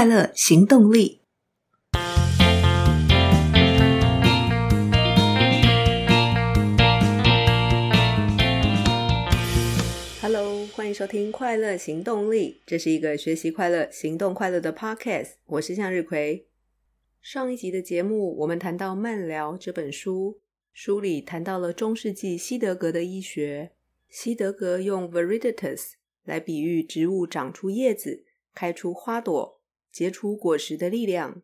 快樂行動力。Hello，歡迎收聽《快樂行動力》，這是一個學習快樂、行動快樂的 Podcast。我是向日葵。上一集的節目，我們談到《慢聊》這本書，書裡談到了中世紀希德格的醫學。希德格用 Viriditas 來比喻植物長出葉子、開出花朵。結出果實的力量，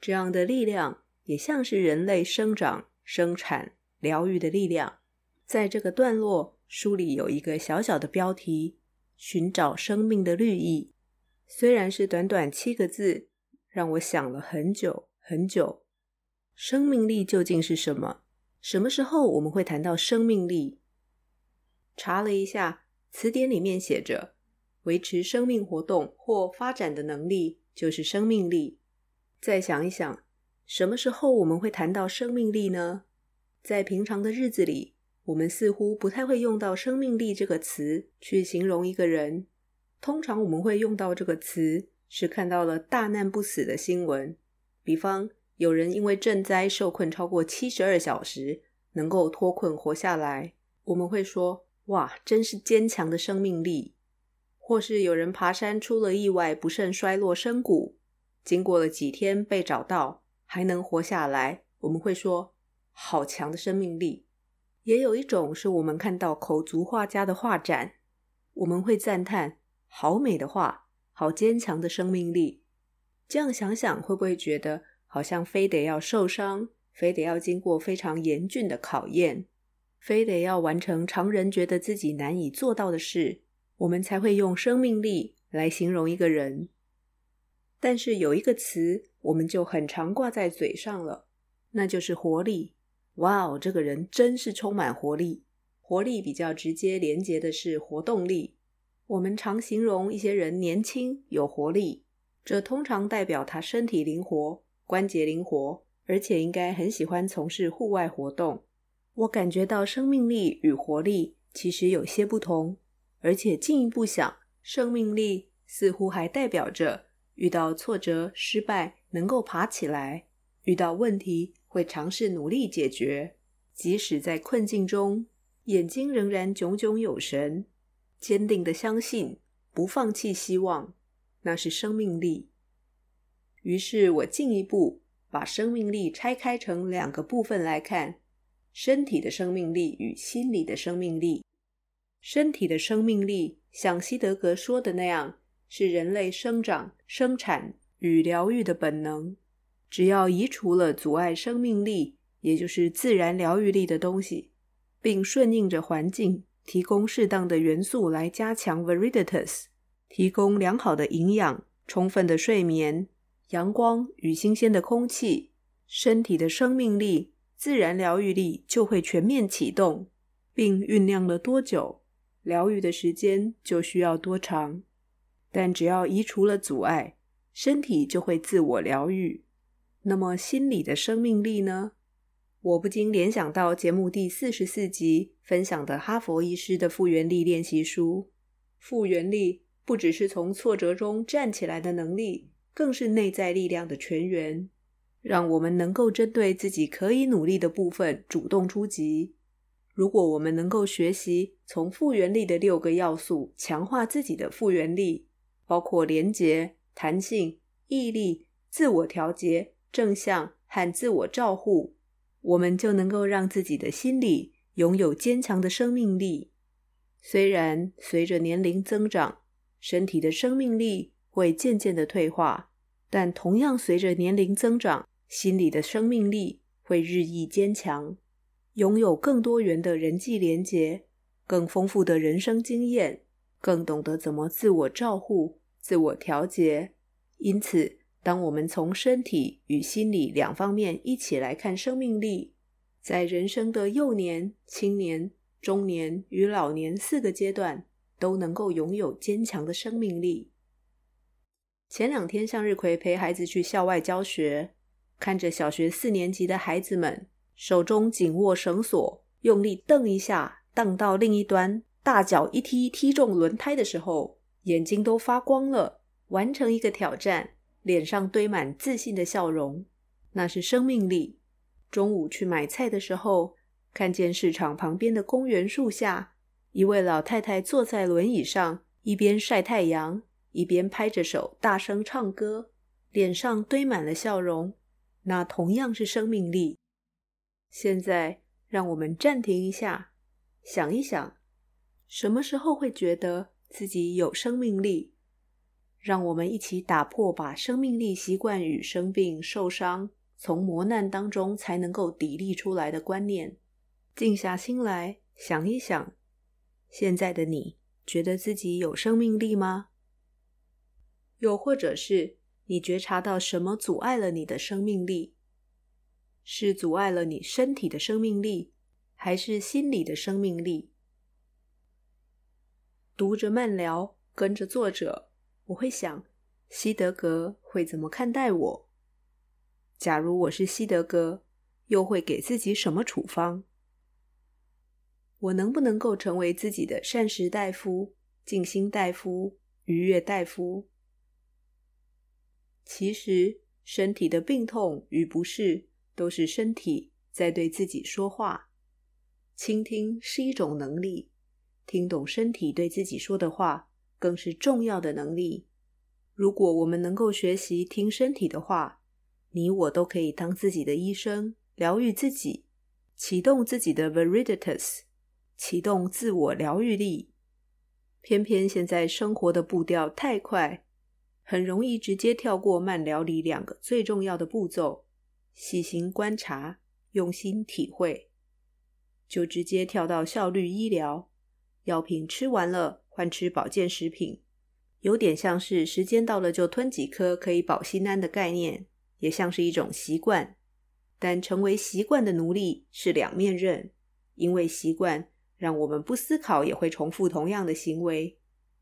這樣的力量也像是人類生長、生產、療癒的力量。在這個段落，書裡有一個小小的標題：“尋找生命的綠意”，雖然是短短七個字，讓我想了很久很久。生命力究竟是什麼？什麼時候我們會談到生命力？查了一下詞典，裡面寫着：維持生命活動或發展的能力。就是生命力。再想一想，什麼時候我們會談到生命力呢？在平常的日子裡，我們似乎不太會用到“生命力”這個詞去形容一個人。通常我們會用到這個詞，是看到了大難不死的新聞，比方有人因為震災受困超過七十二小時，能夠脫困活下來，我們會說：“哇，真是堅強的生命力！”或是有人爬山出了意外，不慎摔落深谷，經過了幾天被找到，還能活下來，我們會說好強的生命力。也有一種是我們看到口足畫家的畫展，我們會讚嘆好美的畫，好堅強的生命力。這樣想想，會不會覺得好像非得要受傷，非得要經過非常嚴峻的考驗，非得要完成常人覺得自己難以做到的事？我們才會用生命力來形容一個人，但是有一個詞我們就很常掛在嘴上了，那就是活力。哇哦，這個人真是充滿活力！活力比較直接連接的是活動力。我們常形容一些人年輕有活力，這通常代表他身體靈活，關節靈活，而且應該很喜歡從事戶外活動。我感覺到生命力與活力其實有些不同。而且進一步想，生命力似乎還代表着遇到挫折、失敗能夠爬起來；遇到問題會嘗試努力解決；即使在困境中，眼睛仍然炯炯有神，堅定地相信，不放棄希望，那是生命力。於是我進一步把生命力拆開成兩個部分來看：身體的生命力與心理的生命力。身體的生命力，像希德格說的那樣，是人類生長、生產與療癒的本能。只要移除了阻礙生命力，也就是自然療癒力的東西，並順應着環境，提供適當的元素來加強 Viriditas 提供良好的營養、充分的睡眠、陽光與新鮮的空氣，身體的生命力、自然療癒力就會全面啟動。並醞釀了多久？療癒的時間就需要多長，但只要移除了阻礙，身體就會自我療癒。那麼心理的生命力呢？我不禁聯想到節目第四十四集分享的哈佛醫師的復原力練習書。復原力不只是從挫折中站起來的能力，更是內在力量的泉源，讓我們能夠針對自己可以努力的部分主動出擊。如果我們能夠學習從復原力的六個要素強化自己的復原力，包括連結、彈性、毅力、自我調節、正向和自我照護，我們就能夠讓自己的心理擁有堅強的生命力。雖然隨着年齡增長，身體的生命力會漸漸的退化，但同樣隨着年齡增長，心理的生命力會日益堅強。擁有更多元的人際聯結，更豐富的人生經驗，更懂得怎麼自我照護、自我調節。因此，當我們從身體與心理兩方面一起來看生命力，在人生的幼年、青年、中年與老年四個階段，都能夠擁有堅強的生命力。前兩天，向日葵陪孩子去校外教學，看着小學四年級的孩子們。手中緊握繩索，用力蹬一下，盪到另一端，大腳一踢，踢中輪胎的時候，眼睛都發光了。完成一個挑戰，臉上堆滿自信的笑容，那是生命力。中午去買菜的時候，看見市場旁邊的公園樹下，一位老太太坐在輪椅上，一邊曬太陽，一邊拍着手大聲唱歌，臉上堆滿了笑容，那同樣是生命力。現在，讓我們暫停一下，想一想，什麼時候會覺得自己有生命力？讓我們一起打破把生命力習慣與生病、受傷、從磨難當中才能夠砥礪出來的觀念。靜下心來想一想，現在的你覺得自己有生命力嗎？又或者是你覺察到什麼阻礙了你的生命力？是阻礙了你身體的生命力，還是心理的生命力？讀着慢聊，跟着作者，我會想：希德格會怎麼看待我？假如我是希德格，又會給自己什麼處方？我能不能夠成為自己的膳食大夫、靜心大夫、愉悅大夫？其實，身體的病痛與不適，都是身體在對自己說話，傾聽是一種能力，聽懂身體對自己說的話更是重要的能力。如果我們能夠學習聽身體的話，你我都可以當自己的醫生，療癒自己，啟動自己的 Viriditas，啟動自我療癒力。偏偏現在生活的步調太快，很容易直接跳過慢療理兩個最重要的步驟。細心觀察，用心體會，就直接跳到效率醫療，藥品吃完了換吃保健食品，有點像是時間到了就吞幾顆可以保心安的概念，也像是一種習慣。但成為習慣的奴隸是兩面刃，因為習慣讓我們不思考也會重複同樣的行為。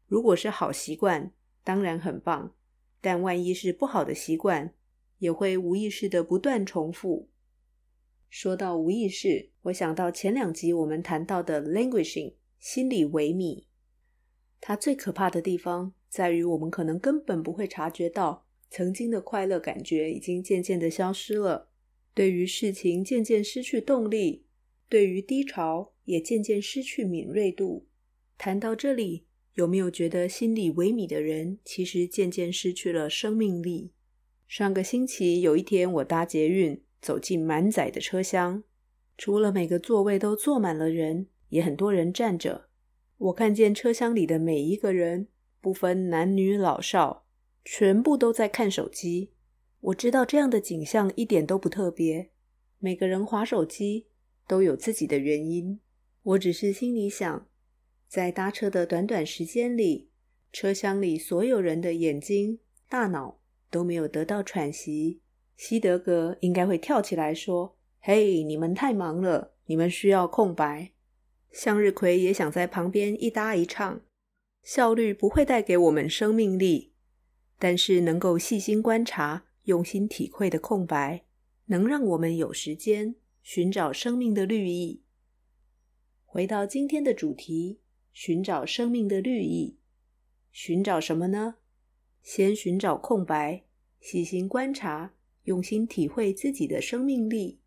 如果是好習慣，當然很棒；但萬一是不好的習慣，也會無意識的不斷重複。說到無意識，我想到前兩集我們談到的 languishing 心理萎靡，它最可怕的地方在於，我們可能根本不會察覺到，曾經的快樂感覺已經漸漸的消失了，對於事情漸漸失去動力，對於低潮也漸漸失去敏銳度。談到這裡，有沒有覺得心理萎靡的人，其實漸漸失去了生命力？上個星期有一天，我搭捷運走進滿載的車廂，除了每個座位都坐滿了人，也很多人站着。我看見車廂裡的每一個人，不分男女老少，全部都在看手機。我知道這樣的景象一點都不特別，每個人滑手機都有自己的原因。我只是心裡想，在搭車的短短時間裡，車廂裡所有人的眼睛、大腦。都沒有得到喘息，希德格應該會跳起來說：“嘿，hey，你們太忙了，你們需要空白。”向日葵也想在旁邊一搭一唱。效率不會帶給我們生命力，但是能夠細心觀察、用心體會的空白，能讓我們有時間尋找生命的綠意。回到今天的主題，尋找生命的綠意，尋找什麼呢？先尋找空白，細心觀察，用心體會自己的生命力，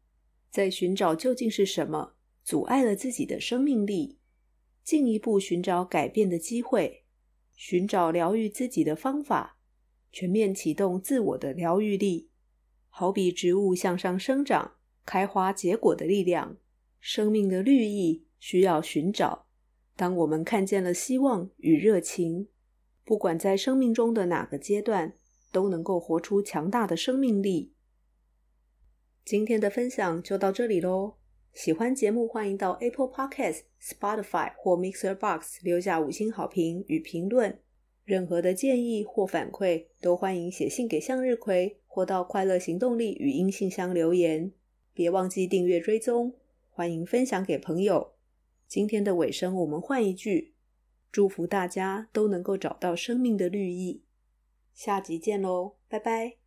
再尋找究竟是什麼阻礙了自己的生命力，進一步尋找改變的機會，尋找療癒自己的方法，全面啟動自我的療癒力，好比植物向上生長、開花結果的力量，生命的綠意需要尋找。當我們看見了希望與熱情，不管在生命中的哪個階段，都能夠活出強大的生命力。今天的分享就到這裡嘍。喜歡節目，歡迎到 Apple Podcast、Spotify 或 MixerBox 留下五星好評與評論。任何的建議或反饋，都歡迎寫信給向日葵，或到快樂行動力語音信箱留言。別忘記訂閱追蹤，歡迎分享給朋友。今天的尾聲，我們換一句。祝福大家都能夠找到生命的綠意，下集見嘍，拜拜。